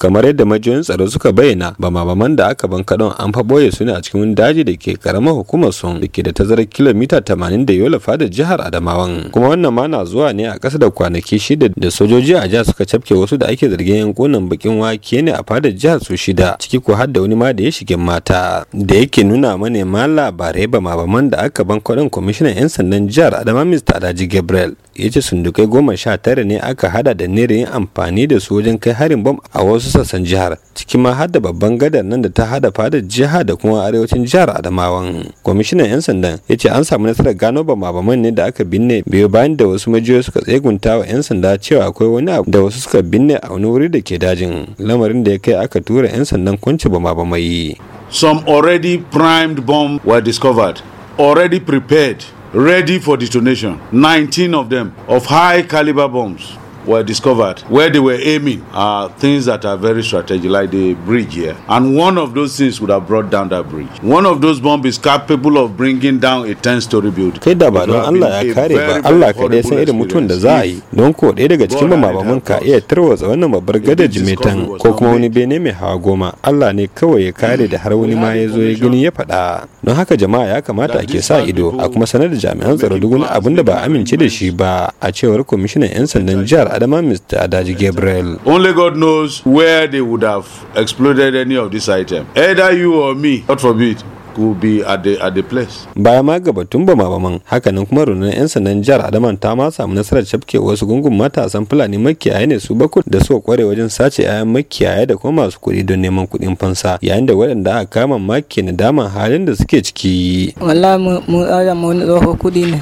kamar yadda majiyoyin tsaro suka bayyana ba baman da aka don an fa boye su ne a cikin daji da ke karamar hukumar sun da ke da tazarar kilomita tamanin da yola fadar jihar adamawan kuma wannan ma na zuwa ne a ƙasa da kwanaki shida da sojoji a jihar suka cafke wasu da ake zargin yankunan bakin wake ne a fadar jihar su shida ciki ko har da wani ma da ya shige mata da yake nuna manema labarai ba baman da aka don kwamishinan 'yan sandan jihar adama mr adaji gabriel ya ce sundukai goma sha tara ne aka hada da nera yin amfani da su wajen kai harin bom a wasu sassan jihar ciki ma har babban gadar nan da ta hada fadar jiha da kuma arewacin jihar adamawan kwamishinan yan sandan ya ce an samu nasarar gano bamabaman ne da aka binne biyu bayan da wasu majiyoyi suka tsegunta wa yan sanda cewa akwai wani abu da wasu suka binne a wani wuri da ke dajin lamarin da ya kai aka tura yan sandan kwance bamabamai some already primed bomb were discovered already prepared ready for detonation 19 of them of high caliber bombs were discovered where they were aiming are things that are very strategic, like the bridge here. And one of those things would have brought down that bridge. One of those bombs is capable of bringing down a 10 story building. Kai da ba don Allah ya kare ba, Allah ka dai san irin mutum da za a yi. Don ko ɗaya daga cikin mamaman ka iya tarwatsa wannan babbar gadar jimitan ko kuma wani bene mai hawa goma. Allah ne kawai ya kare da har wani ma ya zo ya gani ya faɗa. Don haka jama'a ya kamata ake sa ido a kuma sanar da jami'an tsaro duk wani abin da ba amince da shi ba a cewar kwamishinan 'yan sandan jihar Adama Mr. Adaji Gabriel. Only God knows where they would have exploded any of this item. Either you or me, God forbid, Baya be at the, Baya ma ga batun bama hakanan kuma rundunar 'yan sandan jihar Adaman ta ma samu nasarar cafke wasu gungun matasan Fulani makiyaya ne su bakwai da suka kware wajen sace 'ya'yan makiyaya da kuma masu kuɗi don neman kuɗin fansa yayin da waɗanda aka kama ma na daman halin da suke ciki. Wallahi mu mu wani tsohon kuɗi ne.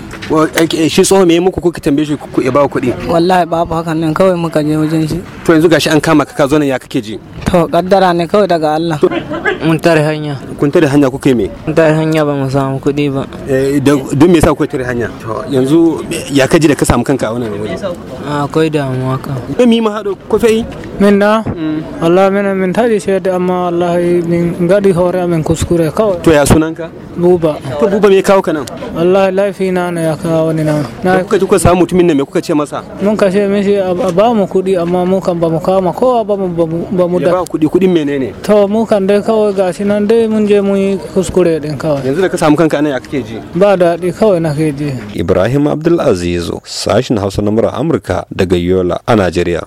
shi tsohon me muku kuka tambaye shi ku ba kuɗi wallahi babu hakan nan kawai muka je wajen shi to yanzu gashi an kama ka ka zo nan ya kake ji to kaddara ne kawai daga Allah mun tare hanya kun tare hanya kuke me? me tare hanya ba mu samu kuɗi ba eh, don me yasa kuka tare hanya yanzu ya kaji da ka samu kanka a wannan wuri akwai damuwa ka me mi ma hado ko fei min na mm. Allah min min tadi sai da amma Allah min gadi hore min kuskure kawai to ya sunanka buba to buba me kawo ka nan Allah lafi na na ya kawo ni na. na kuka kuka samu mutumin nan me kuka ce masa mun ka ce mishi a ba mu kuɗi amma mu kan ba mu kama kowa ba mu ba mu da ba kuɗi kuɗin menene to mu kan dai kawai gashi nan dai mun je je mun yi kuskure din kawai yanzu da ka samu kanka ne ya kake ji ba daɗi kawai na kai ji ibrahim abdulaziz sashin hausa na mura amurka daga yola a najeriya